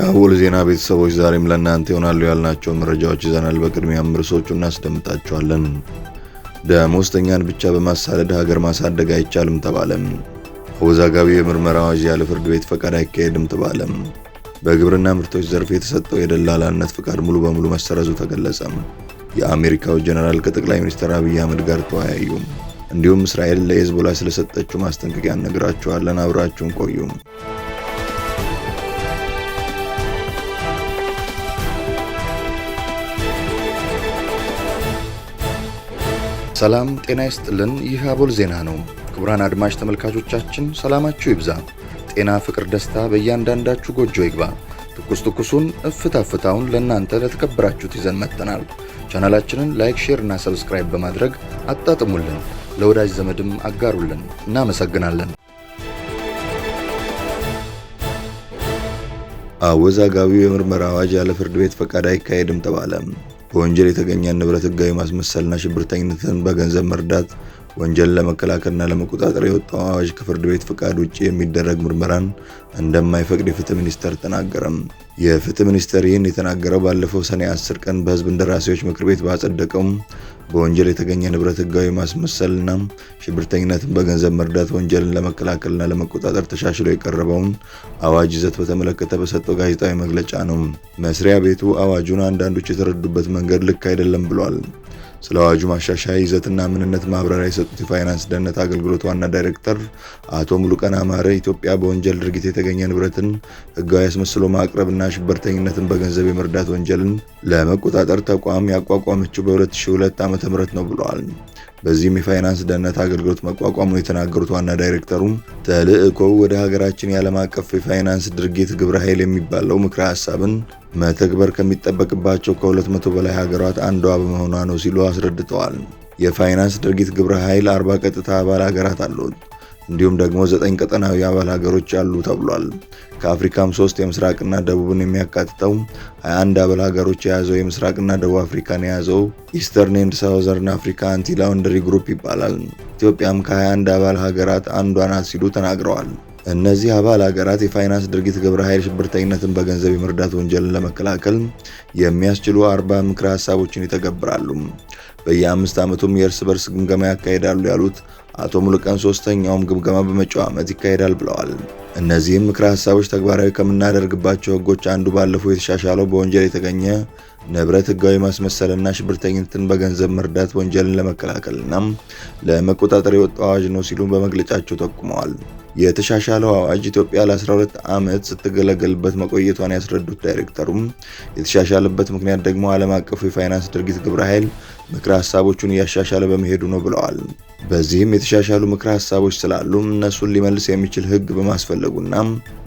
የአቦል ዜና ቤተሰቦች ዛሬም ለእናንተ ይሆናሉ ያልናቸው መረጃዎች ይዘናል። በቅድሚያም ርዕሶቹ እናስደምጣቸዋለን። ደሞዝተኛን ብቻ በማሳደድ ሀገር ማሳደግ አይቻልም ተባለም። አወዛጋቢ የምርመራ አዋጅ ያለ ፍርድ ቤት ፈቃድ አይካሄድም ተባለም። በግብርና ምርቶች ዘርፍ የተሰጠው የደላላነት ፍቃድ ሙሉ በሙሉ መሰረዙ ተገለጸም። የአሜሪካው ጀነራል ከጠቅላይ ሚኒስትር አብይ አህመድ ጋር ተወያዩ። እንዲሁም እስራኤል ለሄዝቦላ ስለሰጠችው ማስጠንቀቂያ እነግራችኋለን። አብራችሁን ቆዩም ሰላም ጤና ይስጥልን። ይህ አቦል ዜና ነው። ክቡራን አድማጭ ተመልካቾቻችን ሰላማችሁ ይብዛ፣ ጤና፣ ፍቅር፣ ደስታ በእያንዳንዳችሁ ጎጆ ይግባ። ትኩስ ትኩሱን እፍታ ፍታውን ለእናንተ ለተከበራችሁት ይዘን መጥተናል። ቻናላችንን ላይክ፣ ሼር እና ሰብስክራይብ በማድረግ አጣጥሙልን፣ ለወዳጅ ዘመድም አጋሩልን። እናመሰግናለን። አወዛጋቢው የምርመራ አዋጅ ያለ ፍርድ ቤት ፈቃድ አይካሄድም ተባለም! በወንጀል የተገኘ ንብረት ህጋዊ ማስመሰልና ሽብርተኝነትን በገንዘብ መርዳት ወንጀል ለመከላከልና ለመቆጣጠር የወጣው አዋጅ ከፍርድ ቤት ፍቃድ ውጭ የሚደረግ ምርመራን እንደማይፈቅድ የፍትህ ሚኒስተር ተናገረም። የፍትህ ሚኒስተር ይህን የተናገረው ባለፈው ሰኔ 10 ቀን በህዝብ እንደራሴዎች ምክር ቤት ባጸደቀው በወንጀል የተገኘ ንብረት ህጋዊ ማስመሰልና ሽብርተኝነትን በገንዘብ መርዳት ወንጀልን ለመከላከልና ለመቆጣጠር ተሻሽሎ የቀረበውን አዋጅ ይዘት በተመለከተ በሰጠው ጋዜጣዊ መግለጫ ነው። መስሪያ ቤቱ አዋጁን አንዳንዶች የተረዱበት መንገድ ልክ አይደለም ብሏል። ስለ አዋጁ ማሻሻያ ይዘትና ምንነት ማብራሪያ የሰጡት የፋይናንስ ደህንነት አገልግሎት ዋና ዳይሬክተር አቶ ሙሉቀን አማረ ኢትዮጵያ በወንጀል ድርጊት የተገኘ ንብረትን ህጋዊ አስመስሎ ማቅረብና ሽበርተኝነትን በገንዘብ የመርዳት ወንጀልን ለመቆጣጠር ተቋም ያቋቋመችው በ2002 ም ነው ብለዋል። በዚህም የፋይናንስ ደህንነት አገልግሎት መቋቋሙን የተናገሩት ዋና ዳይሬክተሩም ተልዕኮው ወደ ሀገራችን የዓለም አቀፍ የፋይናንስ ድርጊት ግብረ ኃይል የሚባለው ምክረ ሀሳብን መተግበር ከሚጠበቅባቸው ከ200 በላይ ሀገራት አንዷ በመሆኗ ነው ሲሉ አስረድተዋል። የፋይናንስ ድርጊት ግብረ ኃይል አርባ ቀጥታ አባል ሀገራት አሉት። እንዲሁም ደግሞ ዘጠኝ ቀጠናዊ አባል ሀገሮች አሉ ተብሏል። ከአፍሪካም ሶስት የምስራቅና ደቡብን የሚያካትተው 21 አባል ሀገሮች የያዘው የምስራቅና ደቡብ አፍሪካን የያዘው ኢስተርን ኤንድ ሳውዘርን አፍሪካ አንቲ ላውንደሪ ግሩፕ ይባላል። ኢትዮጵያም ከ21 አባል ሀገራት አንዷ ናት ሲሉ ተናግረዋል። እነዚህ አባል ሀገራት የፋይናንስ ድርጊት ግብረ ኃይል ሽብርተኝነትን በገንዘብ የመርዳት ወንጀልን ለመከላከል የሚያስችሉ አርባ ምክረ ሀሳቦችን ይተገብራሉ። በየአምስት ዓመቱም የእርስ በርስ ግምገማ ያካሄዳሉ ያሉት አቶ ሙሉቀን ሶስተኛውም ግምገማ በመጪው ዓመት ይካሄዳል ብለዋል። እነዚህም ምክረ ሀሳቦች ተግባራዊ ከምናደርግባቸው ህጎች አንዱ ባለፈው የተሻሻለው በወንጀል የተገኘ ንብረት ህጋዊ ማስመሰልና ሽብርተኝነትን በገንዘብ መርዳት ወንጀልን ለመከላከልና ለመቆጣጠር የወጣው አዋጅ ነው ሲሉም በመግለጫቸው ጠቁመዋል። የተሻሻለው አዋጅ ኢትዮጵያ ለ12 ዓመት ስትገለገልበት መቆየቷን ያስረዱት ዳይሬክተሩም የተሻሻለበት ምክንያት ደግሞ ዓለም አቀፉ የፋይናንስ ድርጊት ግብረ ኃይል ምክረ ሀሳቦቹን እያሻሻለ በመሄዱ ነው ብለዋል። በዚህም የተሻሻሉ ምክረ ሀሳቦች ስላሉ እነሱን ሊመልስ የሚችል ህግ በማስፈለጉና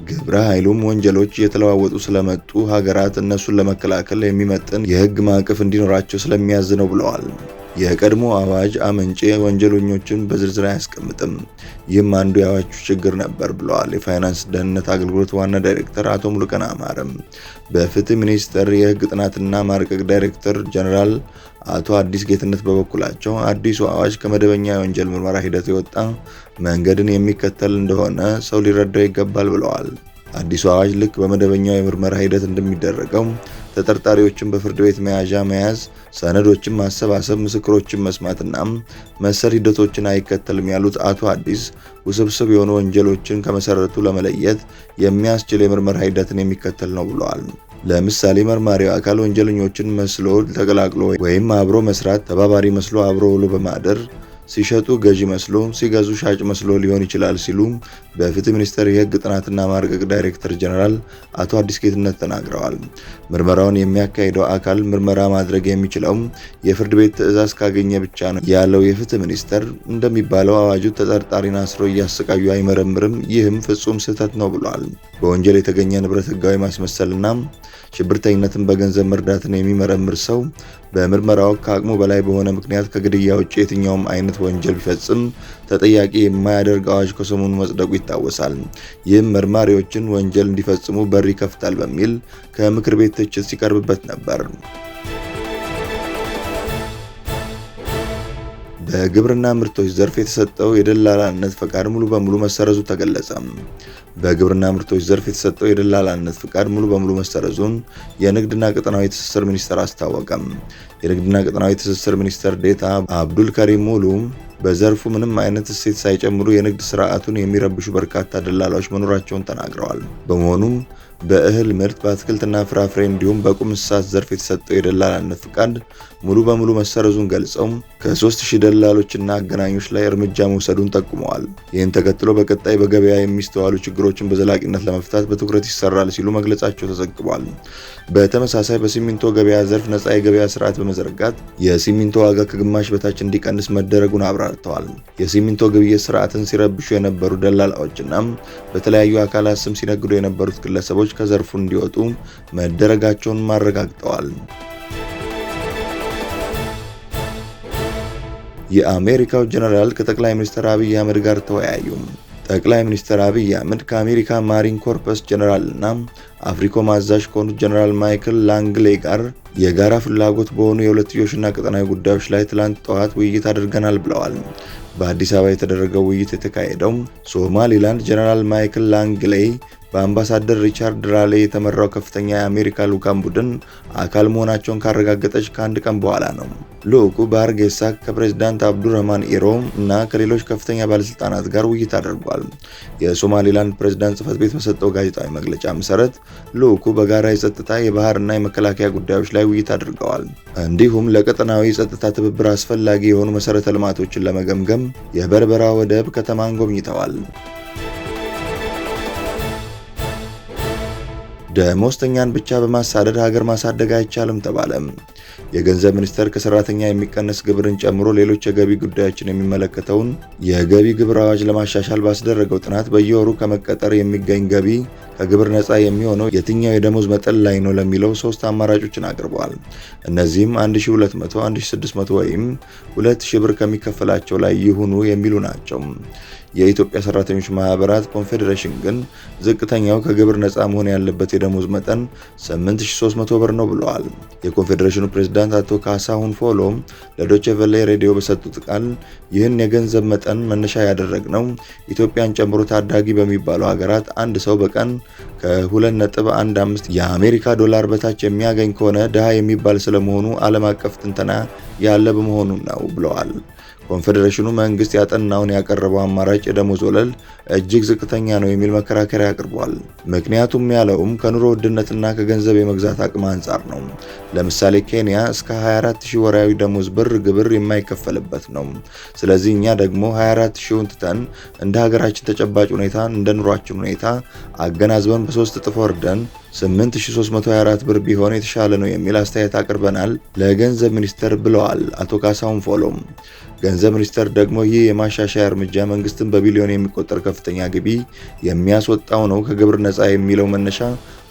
ግብረ ኃይሉም ወንጀሎች እየተለዋወጡ ስለመጡ ሀገራት እነሱን ለመከላከል የሚመጥን የህግ ማዕቀፍ እንዲኖራቸው ስለሚያዝ ነው ብለዋል። የቀድሞ አዋጅ አመንጪ ወንጀለኞችን በዝርዝር አያስቀምጥም። ይህም አንዱ የአዋጁ ችግር ነበር ብለዋል የፋይናንስ ደህንነት አገልግሎት ዋና ዳይሬክተር አቶ ሙሉቀን አማረም። በፍትህ ሚኒስቴር የህግ ጥናትና ማርቀቅ ዳይሬክተር ጀኔራል አቶ አዲስ ጌትነት በበኩላቸው አዲሱ አዋጅ ከመደበኛ የወንጀል ምርመራ ሂደት የወጣ መንገድን የሚከተል እንደሆነ ሰው ሊረዳው ይገባል ብለዋል። አዲሱ አዋጅ ልክ በመደበኛው የምርመራ ሂደት እንደሚደረገው ተጠርጣሪዎችን በፍርድ ቤት መያዣ መያዝ፣ ሰነዶችን ማሰባሰብ፣ ምስክሮችን መስማትና መሰል ሂደቶችን አይከተልም ያሉት አቶ አዲስ ውስብስብ የሆኑ ወንጀሎችን ከመሰረቱ ለመለየት የሚያስችል የምርመራ ሂደትን የሚከተል ነው ብለዋል። ለምሳሌ መርማሪው አካል ወንጀለኞችን መስሎ ተቀላቅሎ ወይም አብሮ መስራት፣ ተባባሪ መስሎ አብሮ ውሎ በማደር ሲሸጡ ገዢ መስሎ ሲገዙ ሻጭ መስሎ ሊሆን ይችላል ሲሉ በፍትህ ሚኒስቴር የህግ ጥናትና ማርቀቅ ዳይሬክተር ጀነራል አቶ አዲስ ጌትነት ተናግረዋል። ምርመራውን የሚያካሂደው አካል ምርመራ ማድረግ የሚችለው የፍርድ ቤት ትዕዛዝ ካገኘ ብቻ ነው ያለው የፍትህ ሚኒስቴር እንደሚባለው አዋጁ ተጠርጣሪን አስሮ እያሰቃዩ አይመረምርም፣ ይህም ፍጹም ስህተት ነው ብሏል። በወንጀል የተገኘ ንብረት ህጋዊ ማስመሰልና ሽብርተኝነትን በገንዘብ መርዳትን የሚመረምር ሰው በምርመራ ወቅት ከአቅሙ በላይ በሆነ ምክንያት ከግድያ ውጭ የትኛውም አይነት ወንጀል ቢፈጽም ተጠያቂ የማያደርግ አዋጅ ከሰሞኑ መጽደቁ ይታወሳል። ይህም መርማሪዎችን ወንጀል እንዲፈጽሙ በር ይከፍታል በሚል ከምክር ቤት ትችት ሲቀርብበት ነበር። በግብርና ምርቶች ዘርፍ የተሰጠው የደላላነት ፈቃድ ሙሉ በሙሉ መሰረዙ ተገለጸ። በግብርና ምርቶች ዘርፍ የተሰጠው የደላላነት ፈቃድ ሙሉ በሙሉ መሰረዙን የንግድና ቀጠናዊ ትስስር ሚኒስቴር አስታወቀም። የንግድና ቀጠናዊ ትስስር ሚኒስቴር ዴታ አብዱል ከሪም ሙሉ በዘርፉ ምንም አይነት እሴት ሳይጨምሩ የንግድ ስርዓቱን የሚረብሹ በርካታ ደላላዎች መኖራቸውን ተናግረዋል። በመሆኑም በእህል ምርት፣ በአትክልትና ፍራፍሬ እንዲሁም በቁም እንስሳት ዘርፍ የተሰጠው የደላላነት ፍቃድ ሙሉ በሙሉ መሰረዙን ገልጸው ከ3000 ደላሎችና አገናኞች ላይ እርምጃ መውሰዱን ጠቁመዋል። ይህን ተከትሎ በቀጣይ በገበያ የሚስተዋሉ ችግሮችን በዘላቂነት ለመፍታት በትኩረት ይሰራል ሲሉ መግለጻቸው ተዘግቧል። በተመሳሳይ በሲሚንቶ ገበያ ዘርፍ ነፃ የገበያ ስርዓት በመዘርጋት የሲሚንቶ ዋጋ ከግማሽ በታች እንዲቀንስ መደረጉን አብራል። አሰማርተዋል። የሲሚንቶ ግብይት ስርዓትን ሲረብሹ የነበሩ ደላላዎችና በተለያዩ አካላት ስም ሲነግዱ የነበሩት ግለሰቦች ከዘርፉ እንዲወጡ መደረጋቸውን ማረጋግጠዋል። የአሜሪካው ጀነራል ከጠቅላይ ሚኒስትር አብይ አህመድ ጋር ተወያዩ። ጠቅላይ ሚኒስትር አብይ አህመድ ከአሜሪካ ማሪን ኮርፐስ ጀነራልና አፍሪኮም አዛዥ ከሆኑት ጀነራል ማይክል ላንግሌ ጋር የጋራ ፍላጎት በሆኑ የሁለትዮሽና ቀጠናዊ ጉዳዮች ላይ ትላንት ጠዋት ውይይት አድርገናል ብለዋል። በአዲስ አበባ የተደረገው ውይይት የተካሄደው ሶማሊላንድ ጀነራል ማይክል ላንግሌ በአምባሳደር ሪቻርድ ራሌ የተመራው ከፍተኛ የአሜሪካ ልዑካን ቡድን አካል መሆናቸውን ካረጋገጠች ከአንድ ቀን በኋላ ነው። ልዑኩ በሀርጌሳ ከፕሬዚዳንት አብዱረህማን ኢሮ እና ከሌሎች ከፍተኛ ባለስልጣናት ጋር ውይይት አድርጓል። የሶማሌላንድ ፕሬዚዳንት ጽህፈት ቤት በሰጠው ጋዜጣዊ መግለጫ መሰረት ልዑኩ በጋራ የጸጥታ የባህርና የመከላከያ ጉዳዮች ላይ ውይይት አድርገዋል። እንዲሁም ለቀጠናዊ የጸጥታ ትብብር አስፈላጊ የሆኑ መሠረተ ልማቶችን ለመገምገም የበርበራ ወደብ ከተማን ጎብኝተዋል። ደሞዝተኛን ብቻ በማሳደድ ሀገር ማሳደግ አይቻልም ተባለም። የገንዘብ ሚኒስቴር ከሰራተኛ የሚቀነስ ግብርን ጨምሮ ሌሎች የገቢ ጉዳዮችን የሚመለከተውን የገቢ ግብር አዋጅ ለማሻሻል ባስደረገው ጥናት በየወሩ ከመቀጠር የሚገኝ ገቢ ከግብር ነፃ የሚሆነው የትኛው የደሞዝ መጠን ላይ ነው ለሚለው ሶስት አማራጮችን አቅርበዋል። እነዚህም 1200፣ 1600 ወይም 2000 ብር ከሚከፈላቸው ላይ ይሁኑ የሚሉ ናቸው። የኢትዮጵያ ሰራተኞች ማህበራት ኮንፌዴሬሽን ግን ዝቅተኛው ከግብር ነፃ መሆን ያለበት የደሞዝ መጠን 8300 ብር ነው ብለዋል። የኮንፌዴሬሽኑ ፕሬዝዳንት አቶ ካሳሁን ፎሎም ለዶቼ ሬዲዮ በሰጡት ቃል ይህን የገንዘብ መጠን መነሻ ያደረግነው ኢትዮጵያን ጨምሮ ታዳጊ በሚባሉ ሀገራት አንድ ሰው በቀን ከ2.15 የአሜሪካ ዶላር በታች የሚያገኝ ከሆነ ድሃ የሚባል ስለመሆኑ ዓለም አቀፍ ትንተና ያለ በመሆኑ ነው ብለዋል። ኮንፌዴሬሽኑ መንግስት ያጠናውን ያቀረበው አማራጭ የደሞዝ ወለል እጅግ ዝቅተኛ ነው የሚል መከራከሪያ አቅርቧል። ምክንያቱም ያለውም ከኑሮ ውድነትና ከገንዘብ የመግዛት አቅም አንጻር ነው። ለምሳሌ ኬንያ እስከ 24000 ወርሃዊ ደሞዝ ብር ግብር የማይከፈልበት ነው። ስለዚህ እኛ ደግሞ 24000ን ትተን እንደ ሀገራችን ተጨባጭ ሁኔታ እንደ ኑሯችን ሁኔታ አገናዝበን ከሶስት እጥፍ ወርደን 8324 ብር ቢሆን የተሻለ ነው የሚል አስተያየት አቅርበናል ለገንዘብ ሚኒስቴር ብለዋል አቶ ካሳሁን ፎሎም። ገንዘብ ሚኒስቴር ደግሞ ይህ የማሻሻያ እርምጃ መንግስትን በቢሊዮን የሚቆጠር ከፍተኛ ግቢ የሚያስወጣው ነው ከግብር ነፃ የሚለው መነሻ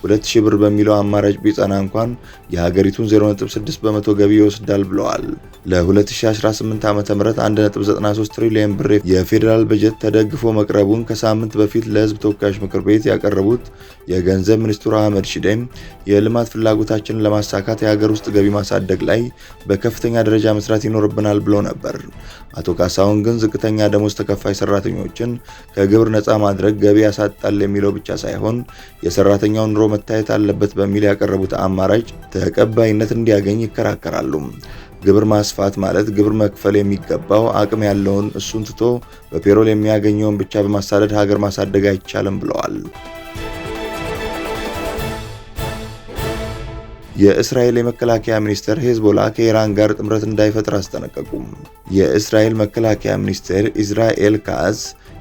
ሁለት ብር በሚለው አማራጭ ቢጸና እንኳን የሀገሪቱን 0.6 በመቶ ገቢ ይወስዳል ብለዋል። ለ2018 ዓ ም 1.93 ትሪሊየን ብር የፌዴራል በጀት ተደግፎ መቅረቡን ከሳምንት በፊት ለህዝብ ተወካዮች ምክር ቤት ያቀረቡት የገንዘብ ሚኒስትሩ አህመድ ሺዴም የልማት ፍላጎታችንን ለማሳካት የሀገር ውስጥ ገቢ ማሳደግ ላይ በከፍተኛ ደረጃ መስራት ይኖርብናል ብለው ነበር። አቶ ካሳሁን ግን ዝቅተኛ ደሞዝ ተከፋይ ሰራተኞችን ከግብር ነፃ ማድረግ ገቢ ያሳጣል የሚለው ብቻ ሳይሆን የሰራተኛውን ኑሮ መታየት አለበት በሚል ያቀረቡት አማራጭ ተቀባይነት እንዲያገኝ ይከራከራሉ። ግብር ማስፋት ማለት ግብር መክፈል የሚገባው አቅም ያለውን እሱን ትቶ በፔሮል የሚያገኘውን ብቻ በማሳደድ ሀገር ማሳደግ አይቻልም ብለዋል። የእስራኤል የመከላከያ ሚኒስቴር ሄዝቦላ ከኢራን ጋር ጥምረት እንዳይፈጥር አስጠነቀቁም። የእስራኤል መከላከያ ሚኒስቴር ኢዝራኤል ካዝ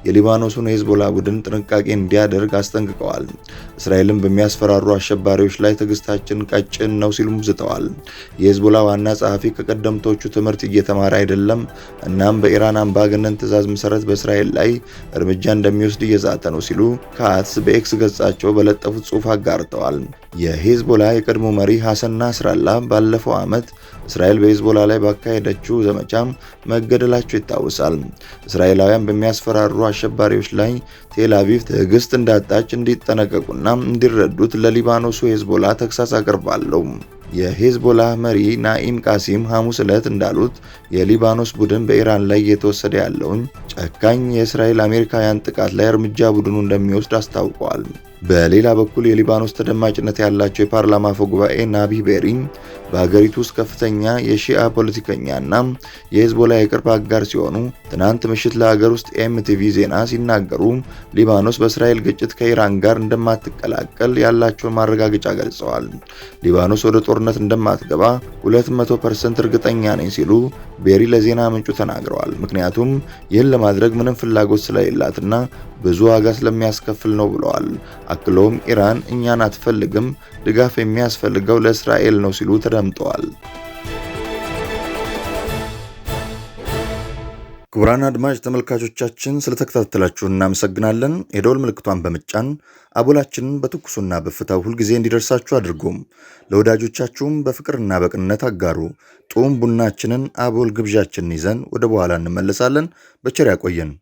የሊባኖሱን የሂዝቦላ ቡድን ጥንቃቄ እንዲያደርግ አስጠንቅቀዋል። እስራኤልን በሚያስፈራሩ አሸባሪዎች ላይ ትዕግስታችን ቀጭን ነው ሲሉም ዝተዋል። የሄዝቦላ ዋና ጸሐፊ ከቀደምቶቹ ትምህርት እየተማረ አይደለም፣ እናም በኢራን አምባገነን ትዕዛዝ መሰረት በእስራኤል ላይ እርምጃ እንደሚወስድ እየዛተ ነው ሲሉ ካትስ በኤክስ ገጻቸው በለጠፉት ጽሑፍ አጋርተዋል። የሂዝቦላ የቀድሞ መሪ ሐሰን ናስራላ ባለፈው ዓመት እስራኤል በሄዝቦላ ላይ ባካሄደችው ዘመቻም መገደላቸው ይታወሳል። እስራኤላውያን በሚያስፈራሩ አሸባሪዎች ላይ ቴል አቪቭ ትዕግስት እንዳጣች እንዲጠነቀቁና እንዲረዱት ለሊባኖሱ ሄዝቦላ ተግሳስ አቅርባለሁ። የሄዝቦላ መሪ ናኢም ቃሲም ሐሙስ ዕለት እንዳሉት የሊባኖስ ቡድን በኢራን ላይ እየተወሰደ ያለውን ጨካኝ የእስራኤል አሜሪካውያን ጥቃት ላይ እርምጃ ቡድኑ እንደሚወስድ አስታውቋል። በሌላ በኩል የሊባኖስ ተደማጭነት ያላቸው የፓርላማ አፈ ጉባኤ ናቢ ቤሪ በሀገሪቱ ውስጥ ከፍተኛ የሺአ ፖለቲከኛና የሂዝቦላ የቅርብ አጋር ሲሆኑ ትናንት ምሽት ለሀገር ውስጥ ኤምቲቪ ዜና ሲናገሩ ሊባኖስ በእስራኤል ግጭት ከኢራን ጋር እንደማትቀላቀል ያላቸውን ማረጋገጫ ገልጸዋል። ሊባኖስ ወደ ጦርነት እንደማትገባ 200 ፐርሰንት እርግጠኛ ነኝ ሲሉ ቤሪ ለዜና ምንጩ ተናግረዋል። ምክንያቱም ይህን ለማድረግ ምንም ፍላጎት ስለሌላትና ብዙ ዋጋ ስለሚያስከፍል ነው ብለዋል። አክለውም ኢራን እኛን አትፈልግም፣ ድጋፍ የሚያስፈልገው ለእስራኤል ነው ሲሉ ተደምጠዋል። ክቡራን አድማጭ ተመልካቾቻችን ስለተከታተላችሁ እናመሰግናለን። የደወል ምልክቷን በመጫን አቦላችንን በትኩሱና በእፍታው ሁልጊዜ እንዲደርሳችሁ አድርጎም ለወዳጆቻችሁም በፍቅርና በቅንነት አጋሩ። ጡም ቡናችንን አቦል ግብዣችንን ይዘን ወደ በኋላ እንመለሳለን። በቸር ያቆየን።